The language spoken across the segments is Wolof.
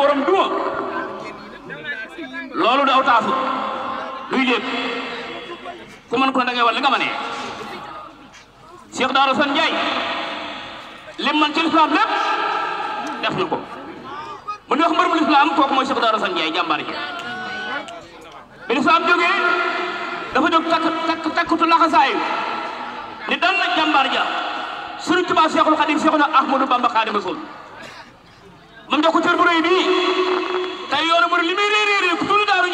borom duma lolou da taasu luy lépp ku man ko da ngay war li nga mané Cheikh daru San jay lim man ci islam lepp def na ko bu ñu wax mbërëm islam kooku mooy Cheikh daru San jay jambar ji bi lislaam joge dafa jóg tak takk takkutu laxasaayu ni dan na jambar ja suñu tuba Cheikhul khadim Cheikhuna ahmadu Bamba khadim rasul moom da ko ter buray bi tay yoonu mu limay re re re ku daru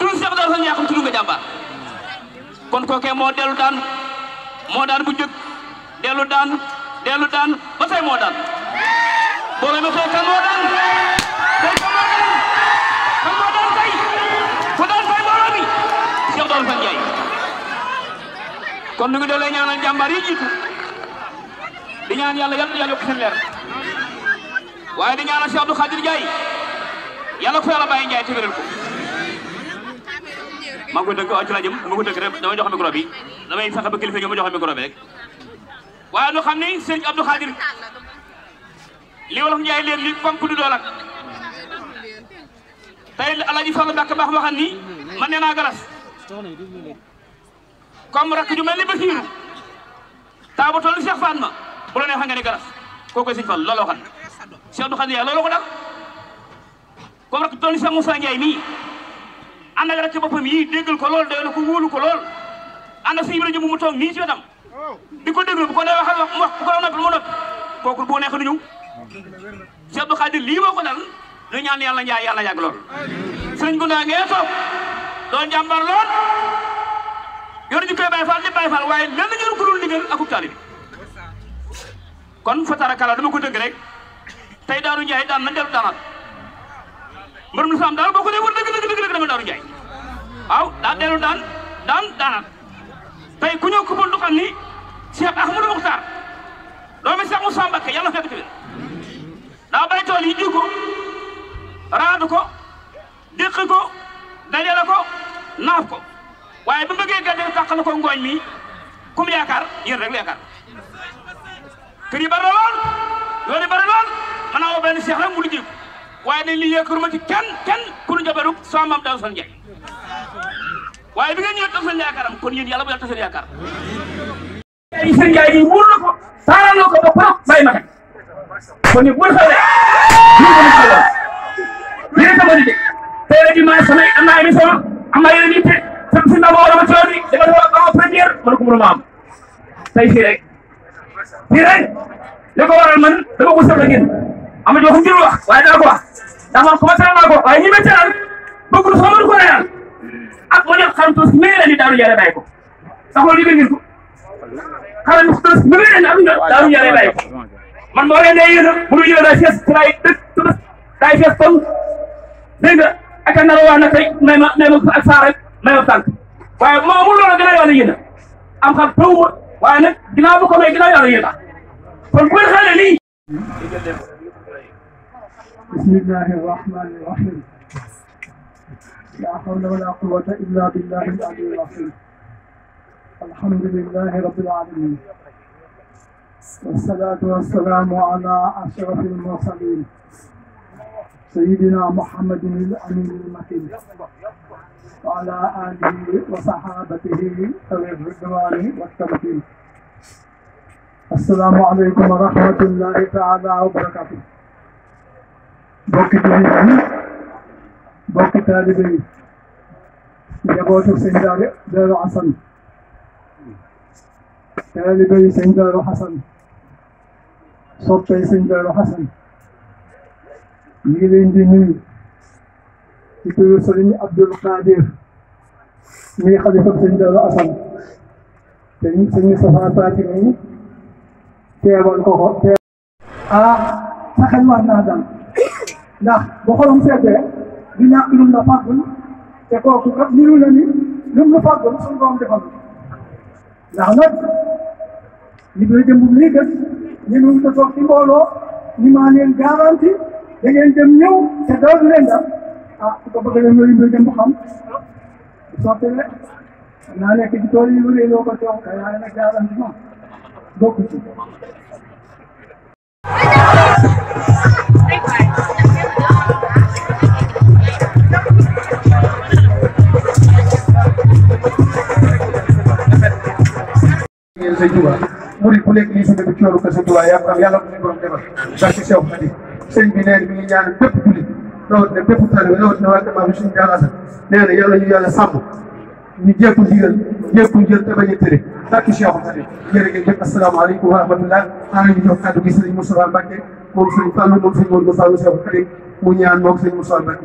Daaru Njaay sax Seex Daaru sa tulu nga jamba kon ko ke mo delu dan mo dan bu njëkk delu dan delu dan ba tay mo dan bo demee ma kan kan mo dan kan moo daan tey ku daan tey mbooloo mi Seex Daaru kon nu ngi doolee ñaanal jàmbaar yi jiitu di ñaan yàlla yàlla yàlla yokk seen leer waaye di ñaanal Cheikh Abdou Khadir Ndiaye yàlla ko yàlla bàyyi Ndiaye te ko maa ngi koy dëgg ci rek damay jox micro bi damay fexe ba kilifa ñoom ma jox micro bi rek waaye ñu xam ni sëñ Abdou li wolof Ndiaye leen li fonk du dool ak tey Alaaji Fallu Mbàkke baax waxan ni man ne naa galas comme rakk ju mel ni Basiiru Cheikh Abdou dia? Lalu ko nak? comme rek toll Cheikh Moussa Ndiaye mii ànd ak rek boppam yii déggal ko lool doy na ko wóolu ko lool ànd ak suñu rajo mu toog nii ci wetam di ko déglu bu ko nee waxal wax mu wax bu ko doon noppi mu noppi kooku boo neexee du ñëw Cheikh Abdou Khadir lii ko dal ñu ñaan yàlla njaay yàlla gu yoru jikkoy Baay fal di Baay fal. waaye lenn ñoru ko dul ndigal ak ub kon fa tarakala dama ko dëgg rek tey Daaru Njaay daan nañ dellu daanaat mbër mu saam daal boo ko dee war dëgg dëgg dëgg dama Daaru Njaay waaw daa dellu daan daan daanaat tey ku ñëw ku du xam ni Cheikh Ahmadou Mokhtar doomi Cheikh Moussa Mbacké yàlla fekk daa bay tool yi diw ko raadu ko déq ko dajale ko naaf ko waaye bu bëggee gàdde tàqal ko ngooñ mi kum yaakaar yéen rek la yaakaar kër yi bari na lool yoon yi lool man naa woo benn seex rek mu lu jiiku waaye dañ li yëkkër ma ci kenn kenn ku nu jabaru sama maam daaw son njaay waaye bi ngeen ñëwee taf seen yaakaaram kon yéen yàlla bu yàlla taf seen yaakaar seen njaay yi wóor na ko saaral na ko ba pro bàyyi ma kon ñu buñ xale ñu ko ñu xale lii sama liggéey tey la dimanche samay am naa émission am naa yeneen yitte sam si ndaw ma war a ma ci yoon bi dama war a première man ko mënu ma am tey fii rek fii rek li ko waral man dama ko sëb la génn ama jox ko ngir wax waaye dana ko wax ndax man ku ma teral naa ko waaye ñi ma teral bëgg na sax mënu ko reyal ak mu nekk xarum tos mi ngi leen di daaru yare bàyyi ko ndax loolu yëgal ngeen ko xarum tos mi ngi leen di am daaru yare bàyyi ko man moo leen ne yéen a mënu yéen a fees daay dëkk tëbës daay fees kon dégg nga ak a nar waa na tey may ma may ma ak saa rek may ma tànk waaye moo mu loolu gën a yoon yéen a am xam taw ma waaye nag ginnaaw bu ko may ginnaaw yoon yéen a kon bu ngeen xoolee lii بسم الله الرحمن الرحيم لا حول ولا قوة إلا بالله العلي العظيم الحمد لله رب العالمين والصلاة والسلام على أشرف المرسلين سيدنا محمد الأمين المكين وعلى آله وصحابته ذوي الرضوان والتمكين السلام عليكم ورحمة الله تعالى وبركاته bokki jullit bokki taalibe yi njabootu sëñ Xasan taalibe yi Xasan soppey sëñ Xasan ñu ngi leen di nuyu ci turu sëriñ Abdul Xasan te sëñ Safa Paati mi teewal ko ko ah saxel ndax bu xolam seddee du ñàkk lum la fàggul te kooku kat niru la ni lum la fàggul suñu borom defal ndax nag li doy jëm bu lii gën ñu ngi ko toog ci mbooloo ñu maa leen garanti da ngeen dem ñëw te dara leen def ah su ko bëgg leen lu réy loo ko te yaa nag garanti moom bokk sëñ Tuubaa murid bu nekk nii si nekk ci yoonu kër sëñ Tuubaa yaa ko am yàlla ko suñu borom defal barke Seex Xaadim sëñ bi nee na mi ngi ñaan bépp jullit rawatina bépp taalibe rawatina waa damaa bi suñu jaar asal nee na ñu yàlla sàmm ñu jékku ndigal jékku njël te bañ a tëre barke Seex Xaadim jërë ngeen jëf asalaamaaleykum wa rahmatullah xaaral ñu jox kàddu gi sëriñ Moustapha Mbacke moom sëriñ Fallou moom sëriñ Moustapha Mbacke mu ñaan moom sëriñ Moustapha Mbacke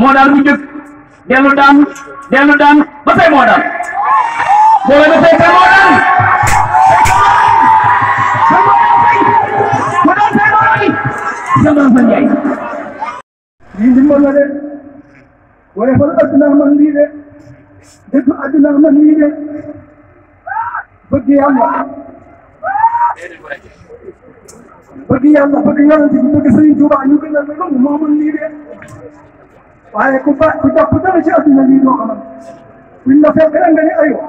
moo daan bu njëkk dellu daan dellu daan ba tey moo daan boole ba tey kan moo daan ko daan tey moo daan Sëmbal Sa Njaay lii ndimbal la de wala fa adduna man lii de dëgg adduna man lii de bëgg yàlla bëgg yàlla bëgg yonent bi bëgg Sëriñ Tuubaa ñu gën a nangu moo mën lii de waaye ku ba ku jàpp dara ci adduna lii doo xamal buñ la fekk rek nga ni aywa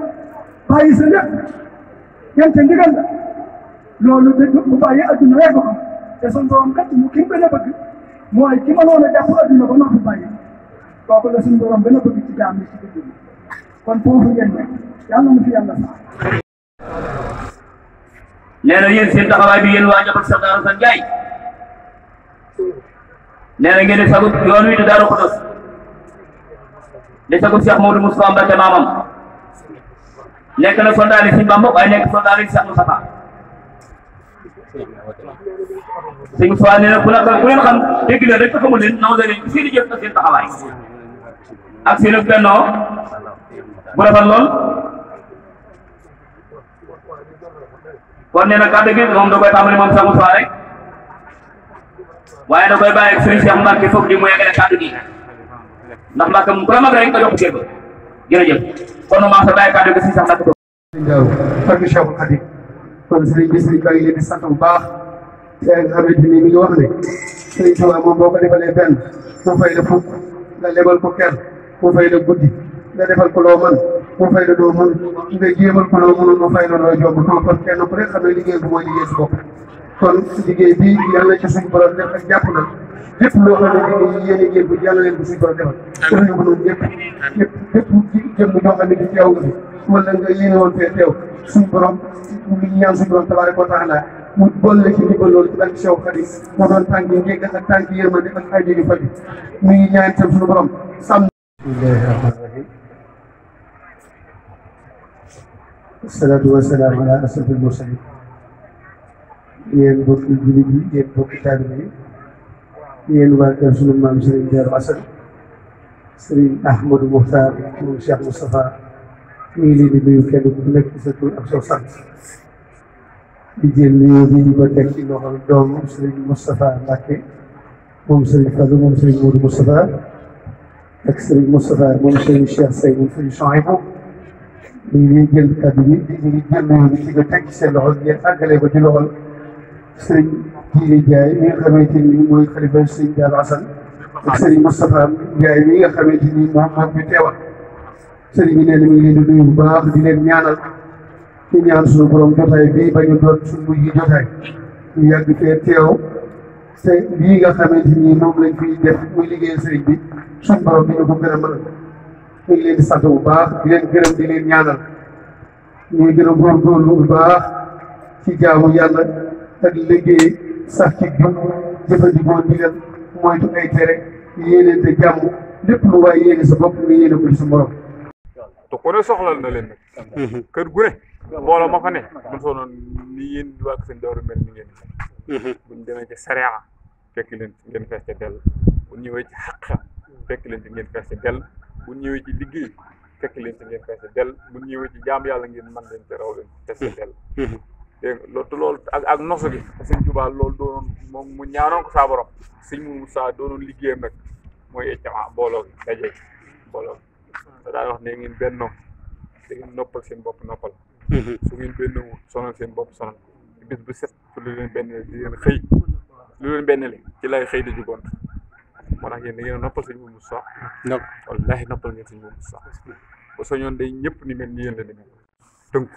bàyyi sa lépp yan ca ndigal la loolu de bu bàyyi adduna rek ko xam te suñ borom kat mu ki mu gën a bëgg mooy ki mënoon a jàpp adduna ba noppi bàyyi kooku la suñ borom gën a bëgg ci jaam yi ci dëgg bi kon foofu ngeen nekk yàlla na fi yàlla sax. di sagu Cheikh Modou Moustapha Mbacke maamam nekk na sondaani si Bamba waaye nekk sondaani si Cheikh Moustapha sëñ Moustapha nee na ku naka ku leen xam dégg leen rek xamul leen naw leen seen i jëf ak seen taxawaay ak seen bennoo bu rafet lool kon nee na kàddu gi moom da koy tàmbali moom Cheikh Moustapha rek waaye da koy bàyyi ak sëriñ Cheikh Mbacke foofu di mu yeggale kàddu gi ndax Mbàkke moom ku la mag rek nga jox ko ceeb ba jërëjëf kon maa sa bàyyi kàddu gi si sax nag. Ndiaw kon sëriñ bi sëriñ baa bu baax te nga xamante boo ko defalee benn mu fay la ko ker mu fay la guddi ko loo mën ko loo mënul mu fay la loo jomb non kon kenn ku ne jàpp na lépp loo xamante ni yéen a yéegu yàlla leen ko suñu borom defal. am na solo ñëpp ñëpp ñëpp jëm ñoo xam ne di teew nga fi wala nga yéene woon fee teew suñu borom li ñaan suñu borom tabaaraka wa taala mu boole ci ndimbal loolu ci barke Seex Xaadim moo doon tànk njëkk ak tànk yërmande ak aajo yu faj muy ñaan itam suñu borom sàmm. bismillaahi rahmaani rahiim. salaatu wa salaam ala asrafil mursaliin. yéen mbokki jullit yi yéen mbokki taalibe yi yéen waa sunu maam Serigne Darou Assane Serigne Ahmadou Moukhtar moom Cheikh Moustapha ñu ngi leen di nuyu kenn ku nekk sa tur ak soo sant di jël nuyoo bi di ko teg ci loxol doomu Serigne Moustapha Mbacké moom Serigne Fallou moom Serigne Modou Moustapha ak Serigne Moustapha moom Serigne Cheikh Seye moom Serigne Chouaïbou ñu ngi jël kaddu bi ñu ngi jël nuyoo bi di ko teg ci seen loxol ngeen àggale ko ci loxol. sëriñ Jiili Jaay mi nga xamante ni mooy xalifa sëriñ Daal Asan ak sëriñ Moustapha Jaay mi nga xamante ni moom moo fi teewal sëriñ bi nee na mi ngi leen di nuyu bu baax di leen ñaanal di ñaan suñu borom jotaay bii bañu doon suñu mujj jotaay ñu yàgg fee teew te lii nga xamante ni moom lañ fiy def muy liggéeyal sëriñ bi suñu borom bi ñu ko gën a mën ñu ngi leen di sant bu baax di leen gërëm di leen ñaanal ñu ngi gën a góorgóorlu bu baax ci jaamu yàlla ak liggéey sax ci jub jëfandikoo ndigal moytu ay tere yéeneente jàmm lépp lu waay yéene sa bopp nga ko ci sa morom. ne soxlal na leen nag. Mhm. kër gu ne. mbooloo ma fa ne buñ soonoon ni yéen waa seen dooru mel ni ngeen. Mhm. buñ demee ci sariya fekk ngeen fees ca ñëwee ci xaq leen ci ngeen fees ca dell buñ ñëwee ci liggéey fekk leen ci ngeen fees ca dell buñ ñëwee ci jaam yàlla ngeen mën leen ca raw fees ca mhm. dell. dégg nga te loolu ak ak nosu gi sëñ Tuubaa loolu doonoon moom mu ñaanoon ko saa borom mu saa doonoon liggéeyam nag mooy ijtimaa mbooloo gi daje mbooloo gi te daal wax ne ngeen bennoo da ngeen noppal seen bopp noppal mhm. su ngeen bennoo sonal seen bopp sonal bis bu set su lu leen benn di xëy lu leen benn li ci lay xëy di jugont moo tax yéen da ngeen a noppal sëñ mu Moussa wallaahi noppal ngeen sëñ mu Moussa ba soñoon day ñëpp ni mel ni yéen la ni mel tënk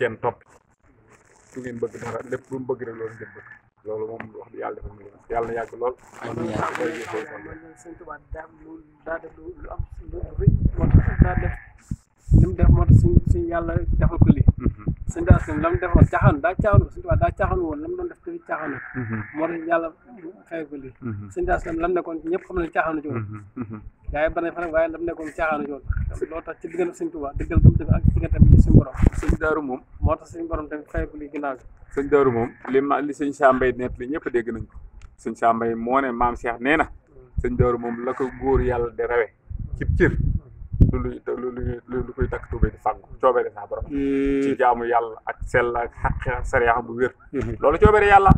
kenn topp ku ngeen bëgg dara lépp lu loolu moom wax dëgg yàlla defal na yàlla na yàgg lool. li mu def moo tax suñ suñ yàlla defal ko lii suñ daa suñ la mu defoon caaxaan daa caaxaan suñ tubaab daa caaxaan woon la mu doon def tamit caaxaan mm-hmm. moo tax yàlla fay ko lii suñ daa suñ la mu nekkoon ñëpp xam nañ caaxaan gaay bané fa nag waaye lam nekkoon caaxaanu yoon lo tax ci digal seigne touba digal tam dëgg ak diggante bi ci seigne borom seigne daru mom mo tax seigne borom tam fay ko li ginaaw seigne daru mom li ma li seigne chambay net li ñepp dégg nañ ko seigne chambay mo ne mam Cheikh neena seigne daru mom la ko goor yalla de rawe ci cër lu lu lu lu lu koy tak tuubé di fàggu coobere saa borom hmm. ci jaamu yalla ak sel ak xaq sariya bu lolu wér re yalla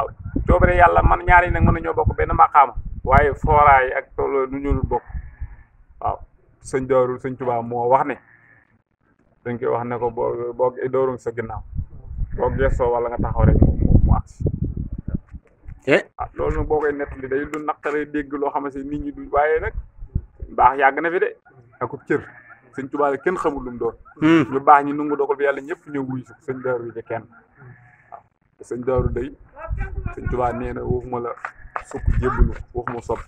aw waaw re yalla man ñaari nak mën ñoo bokk benn maqaama waaye fooraay ak tolloo nu ñu bokk waaw sëñ Daaru sëñ Tuubaa moo wax ne dañ koy wax ne ko boo boo doorum sa ginnaaw boo gëstoo wala nga taxaw rek mu agsi waaw eh? ah, loolu nag boo koy nettali dégg loo xamante ni nit ñi waaye nag baax yàgg na fi de akub cër sëñ Tuubaa kenn xamul lu mu doon hmm. ñu baax ñi nungu dogal bi yàlla ñëpp ñëw wuyu si sëñ Daaru yi kenn waaw sëñ Daaru day sëñ Tuubaa nee na la sukk jébbalu waxuma sopp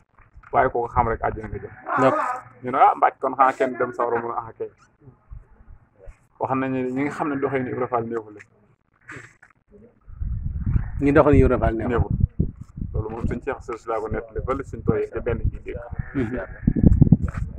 waaye kooku xam rek àjjana nga jëm ñu ne ah mbàcc kon xanaa kenn dem sawra mun a ah kay wax nañu ñi nga xam ne doxee ni Ibra Fall néewul ñi doxee ni Ibra Fall néewul loolu moom suñ ceex sëñ si laa ko nettali ba la suñ tooyee benn ji dégg mhm.